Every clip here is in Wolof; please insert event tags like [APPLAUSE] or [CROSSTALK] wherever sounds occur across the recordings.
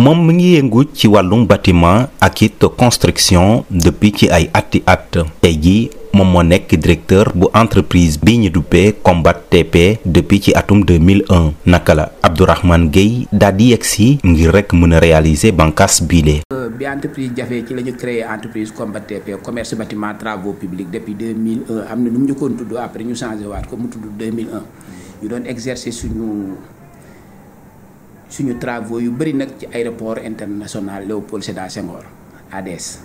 moom mu ngi yëngu ci wàllum bâtiment ak it construction depuis ci ay atti at tey jii moom moo nekk directeur bu entreprise bi ñu duppee Combat TP depuis ci atum 2001 naka la Abdourahmane Gueye daal di yegg si ngir rek mën a réaliser bànqaas biile. bi entreprise jafee ci la ñu créé entreprise Combat TP commerce bâtiment travaux publics depuis 2001 am na nu mu ñu koon tudd après ñu changé waat ko mu tudd 2001 ñu doon exercer suñu. suñu travaux yu bëri nag ci aéroport international Léopold Sédar Senghor ADS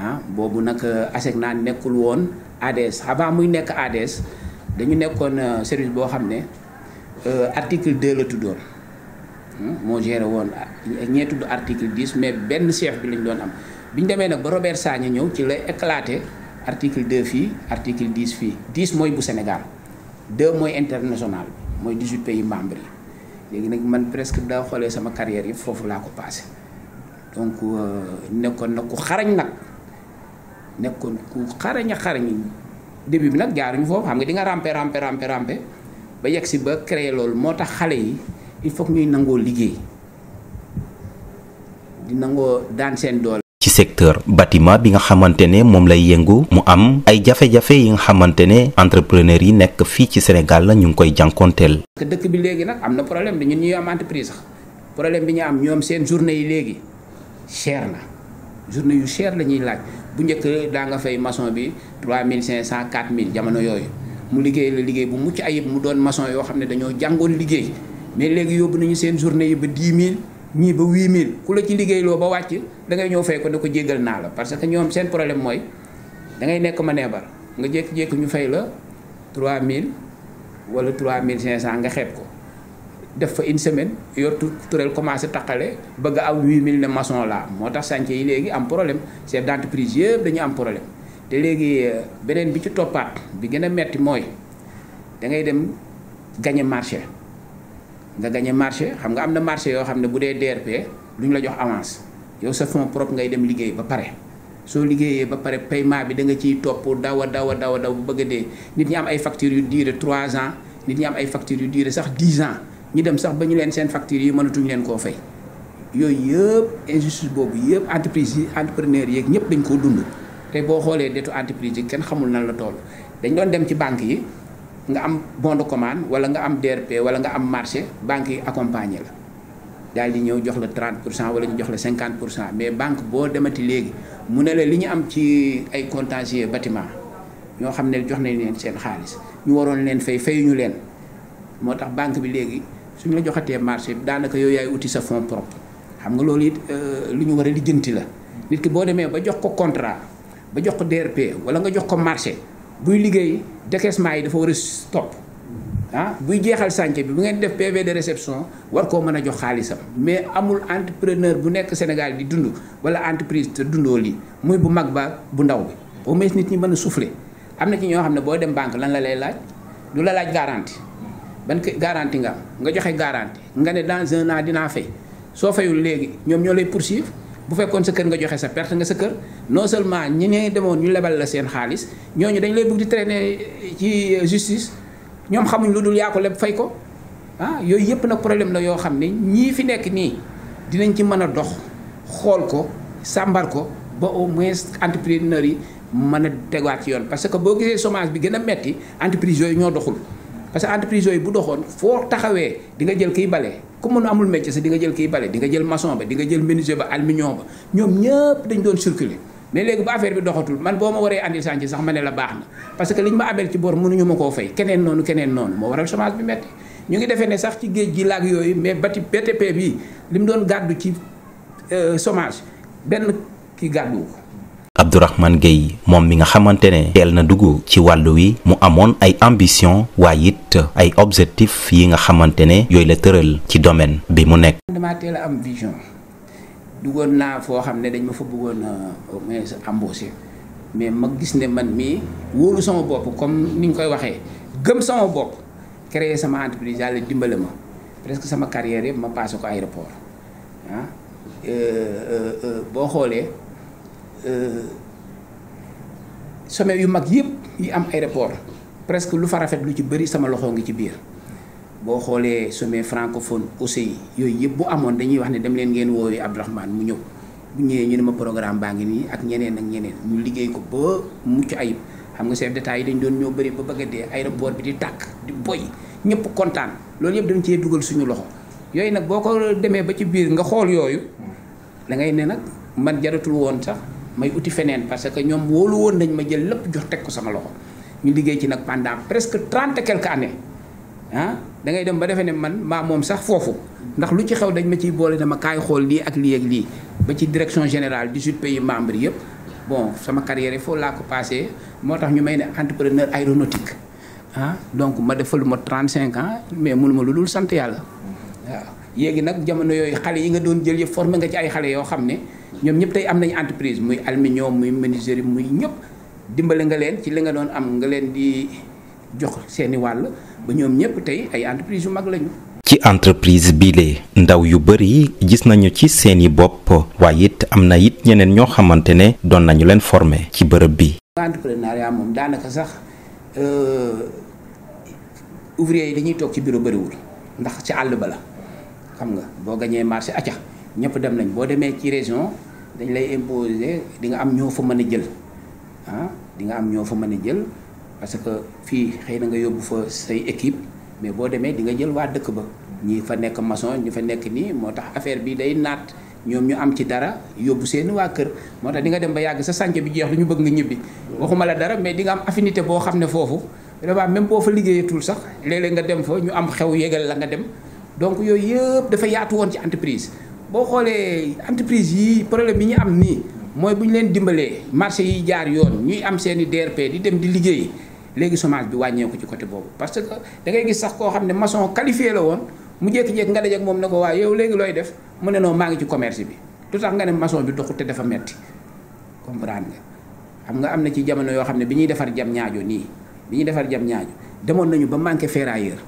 ah boobu nag euh, naa nekkul woon ADS avant muy nekk ADS dañu nekkoon euh, service boo xam ne euh, article 2 la tuddoon hmm, moo géré woon ñee tudd article 10 mais benn chef bi lañ doon am bi ñu demee nag ba Robert Sagna ñëw ci la éclaté article 2 fii article 10 fii 10 mooy bu Sénégal 2 mooy international bi mooy 18 pays membres yi léegi nag man presque daa xoolee sama carrière yëpp foofu laa ko passé donc euh, nekkoon na ku xarañ nag nekkoon ku xarañ a xarañ début bi nag jaaruñu foofu xam nga di nga rampe rampe ba yegg si ba créé loolu moo tax xale yi il faut ñuy nangoo liggéey di nangoo daan seen doole. ci secteur batiment bi nga xamante ne moom lay yëngu mu am ay jafe-jafe yi nga xamante ne entrepreneur yi nekk fii ci Sénégal la ñu ngi koy jànkonteel. dëkk bi léegi nag am na problème bi ñuy am entreprise sax problème bi ñu am ñoom seen journée yi léegi cher na journée yu chair la ñuy laaj bu njëkk daa nga fay mason bi 3500 4000 jamono yooyu mu liggéey la liggéey bu mucc ayib mu doon mason yoo xam ne dañoo jàngoon liggéey mais léegi yóbbu nañu seen journée yi ba ñii ba 8000 ku la ci liggéeyloo ba wàcc dangay ñëw fay ko ne ko jéggal naa la parce que ñoom seen problème mooy da ngay nekk ma neebar nga jékki jékk ñu fay la 3000 wala 3500 nga xeeb ko def fa une semaine yor turel commencé taqale bëgg a am 8000 ne maçon la moo tax chantier yi léegi am problème chef d'entreprise yëpp dañu am problème te léegi euh, beneen bi ci toppaat bi gën a metti mooy da ngay dem gagner marché. nga gañe marché xam nga am na marché yoo xam ne bu dee lu ñu la jox avance yow sa fonds propre ngay dem liggéey ba pare soo liggéeyee ba pare paiement bi da nga ciy topp daw a daw a daw daw bu bëgg dee nit ñi am ay factures yu duré trois ans nit ñi am ay factures yu duré sax 10 ans ñu dem sax ba ñu leen seen factures yi mënatuñ leen koo fay yooyu yëpp injustice boobu yëpp entreprise yi entrepreneur yeeg ñëpp dañ koo dund te boo xoolee dettu entreprise yi kenn xamul nan la toll dañ doon dem ci banque yi nga am bon de commande wala nga am DRP wala nga am marché banque yi accompagner la daal di ñëw jox la trente pour cent wala ñu jox la 50 pour cent mais banque boo demati léegi mu ne la li ñu am ci ay contentieux batiment ñoo xam ne jox nañ leen seen xaalis ñu waroon leen fay fayuñu leen moo tax banque bi léegi suñu la joxatee marché bi daanaka yow yaay uti sa fonds prop xam nga loolu it euh, lu ñu war a lijjanti la nit ki boo demee ba jox ko contrat ba jox ko DRP wala nga jox ko marché buy liggéey décaissement yi dafa war a topp ah buy jeexal chantier bi bu ngeen def PV de réception war koo mën a jox xaalisam mais amul entrepreneur bu nekk Sénégal di dund wala entreprise te dundoo lii muy bu mag ba bu ndaw bi au moins nit ñi mën a souffler am na ci ñoo xam ne boo dem banque lan la lay laaj du la laaj garanti ban garantie nga am nga joxe garanti nga ne dans un an dinaa fay soo fayul léegi ñoom ñoo lay poursuivre. bu fekkoon sa kër nga joxe sa perte nga sa kër non seulement ñi ne demoon ñu lebal la seen xaalis ñooñu dañ lay bëgg di traîner ci justice ñoom xamuñ lu dul yaa ko leb fay ko ah yooyu yëpp nag problème la yoo xam ne ñii fi nekk nii dinañ ci mën a dox xool ko sàmbar ko ba au moins entrepreneur yi mën a tegaat ci yoon parce que boo gisee chômage bi gën a metti entreprise yooyu ñoo doxul parce que entreprise yooyu bu doxoon foo taxawee di nga jël kiy bale ku mën amul métier sax di nga jël kii bale di nga jël maçon ba di nga jël menuisier ba aluminium ba ñoom ñëpp dañ doon circuler mais léegi ba affaire bi doxatul man boo ma waree andi sànci sax ma ne la baax na parce que li ñu ma abel ci bor mënuñu ma koo fay keneen noonu keneen noonu moo waral chômage bi métti ñu ngi defee ne sax ci géej gi laag yooyu mais bati BTP bi li mu doon gàddu ci somage euh, benn kii gàddu ko Abdourahmane Gueye moom mi nga xamante ne teel na dugg ci wàllu wi mu amoon ay ambition waaye it ay objectif yi nga xamante ne yooyu la tëral ci domaine bi mu nekk. damaa teel a am vision duggoon naa foo xam ne dañ ma fa bëggoon au moins mais ma gis ne man mii wóolu sama bopp comme ni ñu koy waxee gëm sama bopp créer sama entreprise yàlla dimbale ma presque sama carrière yëpp ma passé ko aéroport ah euh, euh, euh, boo xoolee. Euh, some yu mag yëpp yi am aéroport presque lu fa rafet lu ci bëri sama loxo ngi ci biir boo xoolee sommet francophone aussi yooyu yëpp bu amoon dañuy wax ne dem leen ngeen woowee Abdourahmane mu ñëw ñëwee ñu ne ma programme baa ngi nii ak ñeneen ak ñeneen ñu liggéey ko ba mucc ayib xam nga seet d'État yi dañ doon ñoo bari ba bëgg a dee aéroport bi di tàkk di boy ñëpp kontaan loolu yëpp dañ cee dugal suñu loxo yooyu nag boo ko demee ba ci biir nga xool yooyu da ne nag man jaratul woon sax may uti feneen parce que ñoom wóolu woon nañ ma jël lépp jox teg ko sama loxo ñu liggéey ci nag pendant presque trente et quelques années ah da ngay dem ba defe ne man maa moom sax foofu ndax lu ci xew dañ ma ciy boole dama kaay xool lii ak lii ak ba ci direction générale 18 pays membres yëpp bon sama carrière foofu laa ko passé moo tax ñu may ne entrepreneur aéronautique ah donc ma defaluma ma cinq ans mais mënuma lu dul sant yàlla waaw. yéegi nag jamono yooyu xale yi nga doon jël yëpp formé nga ci ay xale yoo xam ne. ñoom ñëpp tey am nañu entreprise muy aluminium muy menuiserie muy ñëpp dimbali nga leen ci li nga doon am nga leen di jox seeni wàll ba ñoom ñëpp tey ay entreprise yu mag lañu. ci entreprise bii biile ndaw yu bëri gis nañu ci seeni bopp waaye it am na it ñeneen ñoo xamante ne doon nañu leen former ci bërëb bi. entrepreneuriat moom daanaka sax euh, ouvrier yi dañuy toog ci bureau bëriwul ndax ci àll ba la xam nga boo gañee marché acca ñëpp dem nañ boo demee ci région dañ lay imposer di nga am ñoo fa mën a jël ah di nga am ñoo fa mën a jël parce que fii xëy na nga yóbbu fa say équipe mais boo demee di nga jël waa dëkk ba ñi fa nekk maçon ñi fa nekk nii moo tax affaire bi day naat ñoom ñu am ci dara yóbbu seen waa kër moo tax di nga dem ba yàgg sa sànc bi jeex lu ñu bëgg nga ñibbi waxuma la dara mais di nga am affinité boo xam ne foofu vraiment même boo fa liggéeyatul sax léeg nga dem fa ñu am xew yégal la nga dem donc yooyu yëpp dafa yaatu woon ci entreprise boo xoolee entreprise yii problème bi ñu am nii mooy bu ñu leen dimbalee marché yi jaar yoon ñuy am seen i DRP di dem di liggéey léegi chômage bi wàññeeku ci côté boobu parce que da ngay gis sax koo xam ne maçon qualifié la woon mu jékki-jékki nga dajeek moom ne ko waaye yow léegi looy def mu ne non maa ngi ci commerce bi lu tax nga ne maçon bi doxul te dafa metti comprendre nga xam nga am na ci jamono yoo xam ne bi ñuy defar jam ñaajo nii bi ñuy defar jam ñaajo demoon nañu ba manqué ferrailleur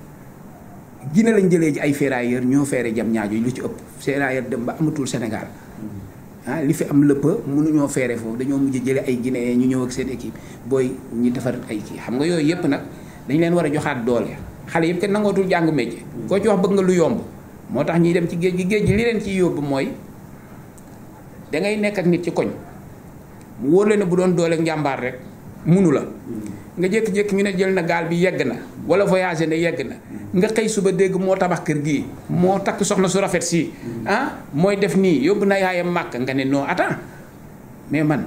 Guinée lañ jëlee ji ay ferrailleurs ñoo feere jam ñaajo lu ci ëpp ferrailleurs dem ba amatul senegal ah li fi am lëpp mënuñoo feere foofu dañoo mujj jële ay Guinée ñu ñëw ak seen équipe booy ñu defar ay kii xam nga yooyu yëpp nag dañu leen war a joxaat doole xale yëpp kenn nangootul jàng métier koo ci wax bëgg nga lu yomb moo tax ñuy dem ci géej gi géej gi li leen ciy yóbbu mooy dangay ngay nekk ak nit ci koñ mu wóor leen ne bu doon doole njàmbaar rek munu la nga jékki-jékki ñu ne jël na gaal bi yegg na wala voyagé na yegg na nga xëy suba dégg moo tabax kër gii moo takk soxna su rafet si ah mooy def nii yóbbu na yaayam màkk nga ne noo attends mais man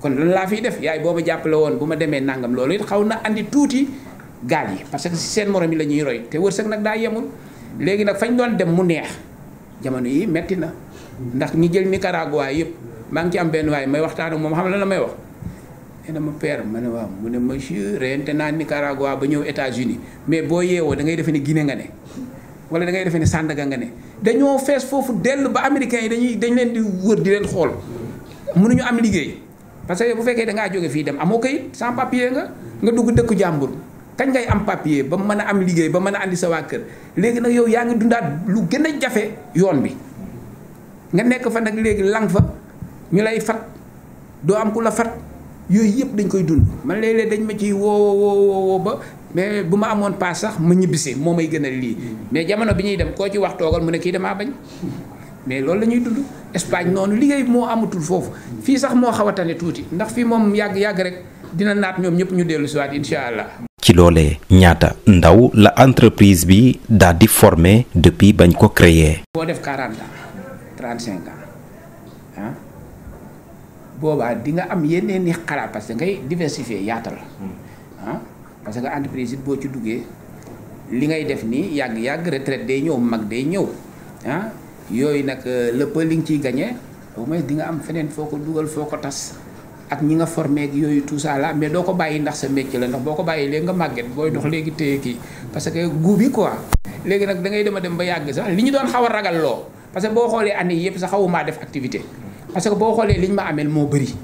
kon lan laa fiy def yaay boo ma jàppale woon bu ma demee nangam loolu it xaw na andi tuuti gaal yi parce que si seen morom yi la ñuy roy te wërsëg nag daa yemul léegi nag fañ doon dem mu neex jamono yii metti na ndax ñi jël Nicaragua yëpp maa ngi ci am benn waay may waxtaan ak moom xam la na may wax nee na ma père ma ne waaw mu ne monsieur reyante naa Nicaragua ba ñëw États-Unis mais boo yeewoo da defe ne ni nga ne wala dangay ngay defee ni Sandaga nga ne dañoo fees foofu dell ba américains yi dañuy dañ leen di wër di leen xool mënuñu am liggéey parce que bu fekkee da ngaa jóge fii dem amoo kayit sans papier nga nga dugg dëkku jàmbur kañ ngay am papier ba mën a am liggéey ba mën a andi sa waa kër léegi nag yow yaa ngi dundaat lu gën a jafe yoon bi nga nekk fa nag léegi lang fa ñu lay fat doo am ku la fat yooyu yëpp dañ koy dund man léeg-léeg dañ ma ciy woo woo woo ba mais bu ma amoon paas sax ma ñibbisee moo may gën a lii mais jamono bi ñuy dem koo ci wax toogal mu ne kii damaa bañ mais loolu la ñuy dund Espagne noonu liggéey moo amatul foofu fii sax moo xaw a tuuti ndax fii moom yàgg yàgg rek dina naat ñoom ñëpp ñu dellu si waat incha allah. ci loolee ñaata ndaw la entreprise bi daal di formé depuis bañ ko créer. boo def 40 ans 35 ans ah. boobaa di nga am yeneen ni xalaat parce que ngay diversifier yaatal. Hmm. ah parce que entreprise it boo ci duggee li ngay def nii yàgg yàgg retraite day ñëw mag day ñëw ah yooyu nag euh, lépp li nga ciy gagné au moins di nga am feneen foo ko dugal foo ko tas. ak ñi nga formé ak yooyu tout ça là mais doo ko bàyyi ndax sa métier la ndax boo ko bàyyi léegi nga màgget booy dox hmm. léegi téye ki parce que goût bi léegi nag da ngay dem a dem ba yàgg sax li ñu doon xaw a ragal loo parce que boo xoolee année yëpp sax xawumaa def activité. parce que boo xoolee liñ ma ameel moo bëri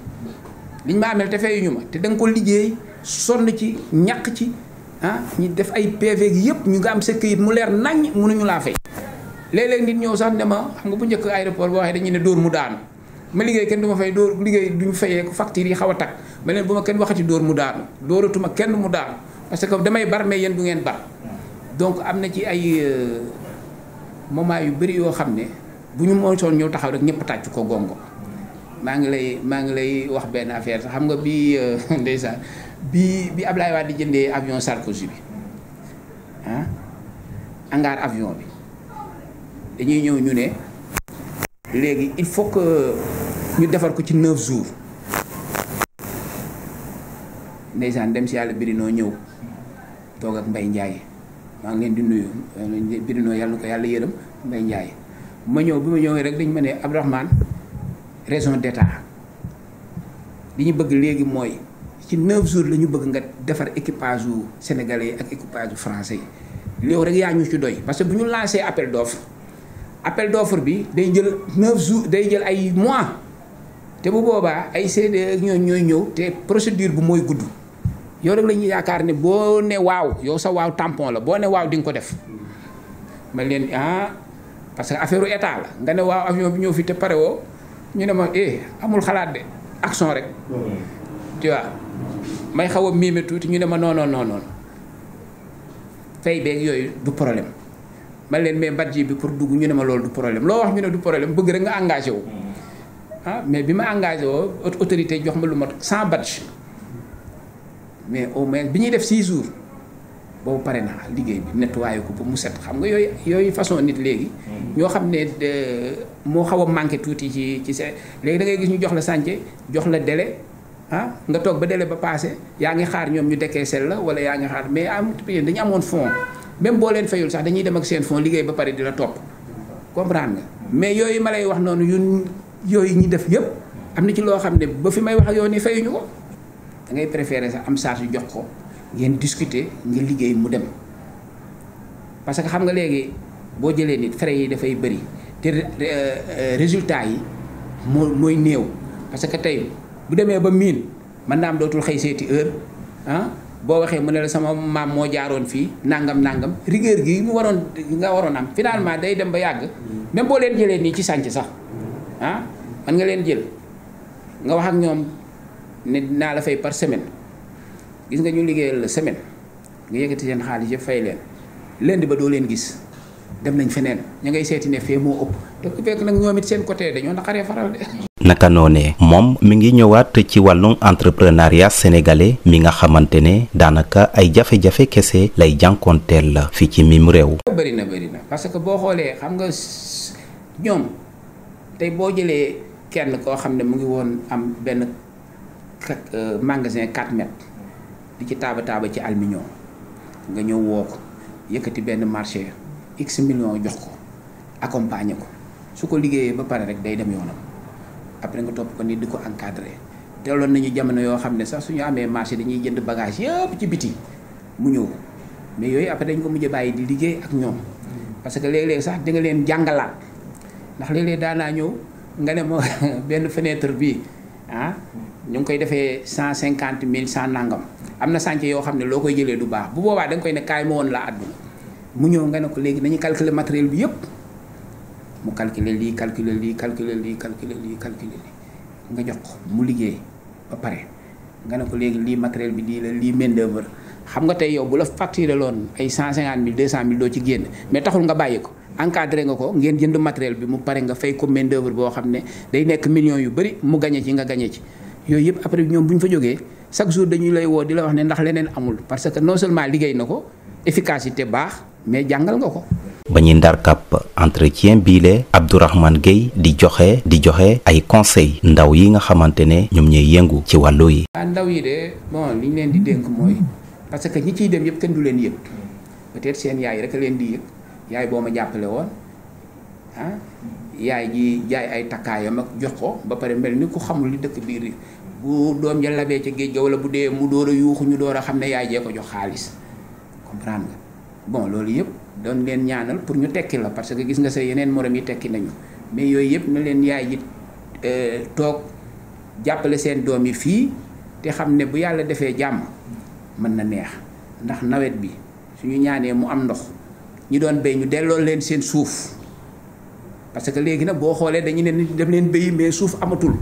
liñ ma ameel te feyuñu ma te da nga ko liggéey sonn ci ñàq ci ah ñu def ay PV gi yëpp ñu nga am sa këyit mu leer naññ mënuñu laa fay. léeg-léeg ñëw sax ne njëkk aéroport boo dañuy ne dóor mu daanu ma liggéey kenn du ma door dóor liggéey duñu fayee ko factures yi xaw a tag ma leen bu ma kenn waxati dóor mu daanu dóoratuma kenn mu daanu parce que damay bar mais yéen du ngeen bar donc am na ci ay euh, moment yu bëri yoo xam ne bu ñu moytoon ñëw taxaw rek ñëpp tàccu ko gongo maa ngi lay maa ngi lay wax benn affaire sax xam nga bi euh, [LAUGHS] ndeysaan bi bi Ablaye Wade di jëndee avion Sarkozy bi ah hangar avion bi dañuy ñëw ñu ne léegi il faut que ñu defar ko ci neuf jours ndeysaan dem si yàlla birinoo ñëw toog ak njaay Ndiaye maa ngi leen di nuyu birinoo yàlla na ko yàlla yërëm mbay Ndiaye ma ñëw bi ma ñëwee rek dañ ma ne Abdourahmane raison d'état li ñu bëgg léegi mooy ci neuf jours la ñu bëgg nga defar équipage yu sénégalais yi ak équipage yu français yi yow rek yaa ñu ci doy parce que bu ñu lancé appel d'offre appel d'offre bi day jël neuf jours day jël ay mois te bu boobaa ay CDE ak ñooñu ñooy ñëw te procédure bu mooy gudd yow rek la yaakaar ni boo ne waaw yow sa waaw tampon la boo ne waaw di nga ko def man leen ah parce que affaire état la nga ne waaw avion bi ñëw fi te pare ñu ne ma eh amul xalaat de action rek. tu vois may xaw a miime tuuti ñu ne ma non non non non fay beeg yooyu du problème ma leen mais budget bi pour dugg ñu ne ma loolu du problème loo wax ñu ne du problème bëgg rek nga engagé wu. ah mais bi ma engagé woo autorité jox ma lu mat 100 badge mais au moins bi ñuy def 6 jours. boobu pare naa liggéey bi nettuwaayu ko ba mu set xam nga yooyu yooyu façon nit léegi. Mm-hmm. ñoo xam ne euh, moo xaw a manqué tuuti ci ci seen léegi da ngay gis ñu jox la sànce jox la dele ah nga toog ba dele ba passé yaa ngi xaar ñoom ñu dekkee sel la wala yaa ngi xaar mais am dañu amoon fond même boo leen fayul sax dañuy dem ak seen fond liggéey ba pare di la topp comprendre mais yooyu ma lay wax noonu yun yooyu ñi def yëpp am na ci loo xam ne ba fi may wax ak yow ni fayuñu ko da ngay préféré sax am charge jox ko. ngeen discuter ngeen liggéey mu dem parce que xam nga léegi boo jëlee nit frais yi dafay bëri te euh, résultat yi moo mooy néew parce que tey bu demee ba miin mën naa am dootul xëy seeti heure ah boo waxee mu ne la sama maam moo jaaroon fii nangam nangam rigueur gi mu waroon nga waroon am finalement day dem ba yàgg même boo leen jëlee nii ci sànc sax ah man nga leen jël nga wax ak ñoom ne dinaa la fay par semaine gis nga ñu liggéeyal semaine nga yëkkati seen xaalis yëpp fay leen lundi ba doo leen gis dem nañ feneen ña ngay seeti ne fee moo ëpp te ku fekk nag ñoom seen côté dañoo naqaree faral de. naka noonee moom mi ngi ñëwaat ci wàllum entrepreneuriat sénégalais mi nga xamante ne daanaka ay jafe kese lay jànkoonteel la fii ci mim réew. bëri na bëri parce que boo xoolee xam nga ñoom tey boo jëlee kenn koo xam ne mu ngi woon am benn euh, magasin 4 mètres. di ci taaba taaba ci alminion nga ñëw woo ko yëkkati benn marché x million jox ko accompagner ko su ko liggéeyee ba pare rek day dem yoonam après nga topp ko ni di ko encadrer teeloon nañu jamono yoo xam ne sax suñu amee marché dañuy jënd bagage yëpp ci biti mu ñëw mais yooyu après dañ ko mujj bàyyi di liggéey ak ñoom parce que léeg-léeg sax di nga leen jàngalaat ndax léeg-léeg daanaa ñëw nga ne ma [LAUGHS] benn fenêtre bi ah ñu ngi koy defee cent cinquante mille cent nangam am na sànce yoo xam ne loo koy jëlee du baax bu boobaa da nga koy ne kaay ma woon la àdduna mu ñëw nga ne ko léegi nañu calculer matériel bi yëpp mu calculer lii calculer lii calculer lii calculer lii calculer lii nga jox ko mu liggéey ba pare nga ne ko léegi lii matériel bi lii la lii main d'œuvre xam nga tey yow bu la facturé loon ay cent cinquante mille deux cent mille doo ci génn mais taxul nga bàyyi ko encadré nga ko ngeen jënd matériel bi mu pare nga fay ko main d'œuvre boo xam ne day nekk millions yu bëri mu gañe ci nga gañe ci yooyu yëpp après ñoom bu ñu fa jógee chaque jour dañu lay woo di la wax ne ndax leneen amul parce que non seulement liggéey na ko efficacité baax mais jàngal nga ko. ba ñuy ndar kàpp entretien biile Abdourahmane Gueye di joxe di joxe ay conseil ndaw yi nga xamante ne ñoom ñooy yëngu ci wàllu yi. Ah, ndaw yi de bon li leen di dénk mooy parce que ñi ciy dem yëpp kenn du leen yëg peut-être seen yaay rek leen di yëg yaay boo ma jàppale woon ah, yaay ji jaay ay takkaayam ak jox ko ba pare mel ni ku xamul li dëkk biir. bu doom ja labee ci géej ga wala bu dee mu door a yuuxu ñu door a xam ne yaay jee ko jox xaalis comprendre nga bon loolu yëpp doon leen ñaanal pour ñu tekki la parce que gis nga sa yeneen morom yi tekki nañu mais yooyu yëpp na leen yaay ji euh, toog jàppale seen doom yi fii te xam ne bu yàlla defee jàmm mën na neex ndax nawet bi suñu ñaanee mu am ndox ñu doon béy ñu delloo leen seen suuf parce que léegi nag boo xoolee dañu ne nit def leen béy mais suuf amatul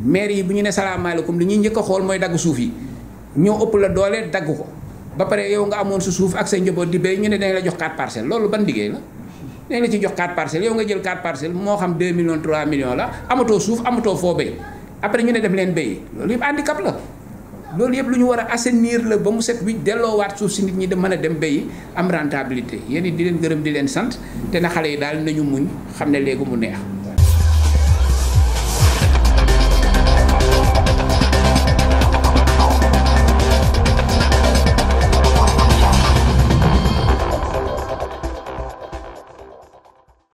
maire yi bu ñu ne salaamaaleykum li ñuy njëkk a xool mooy dagg suuf yi ñoo ëpp la doole dagg ko ba pare yow nga amoon sa suuf ak sa njaboot di béy ñu ne dañ la jox 4 parcelles loolu ban liggéey la dañ la ci jox 4 parcelles yow nga jël 4 parcelles moo xam 2 millions 3 millions la amatoo suuf amatoo foo béy après ñu ne def leen béy loolu yëpp handicap la loolu yëpp lu ñu war a assainir la ba mu set wi delloowaat suuf si nit ñi da mën a dem béyi am rentabilité yéen it di leen gërëm di leen sant te na xale yi daal nañu muñ xam ne léegi mu neex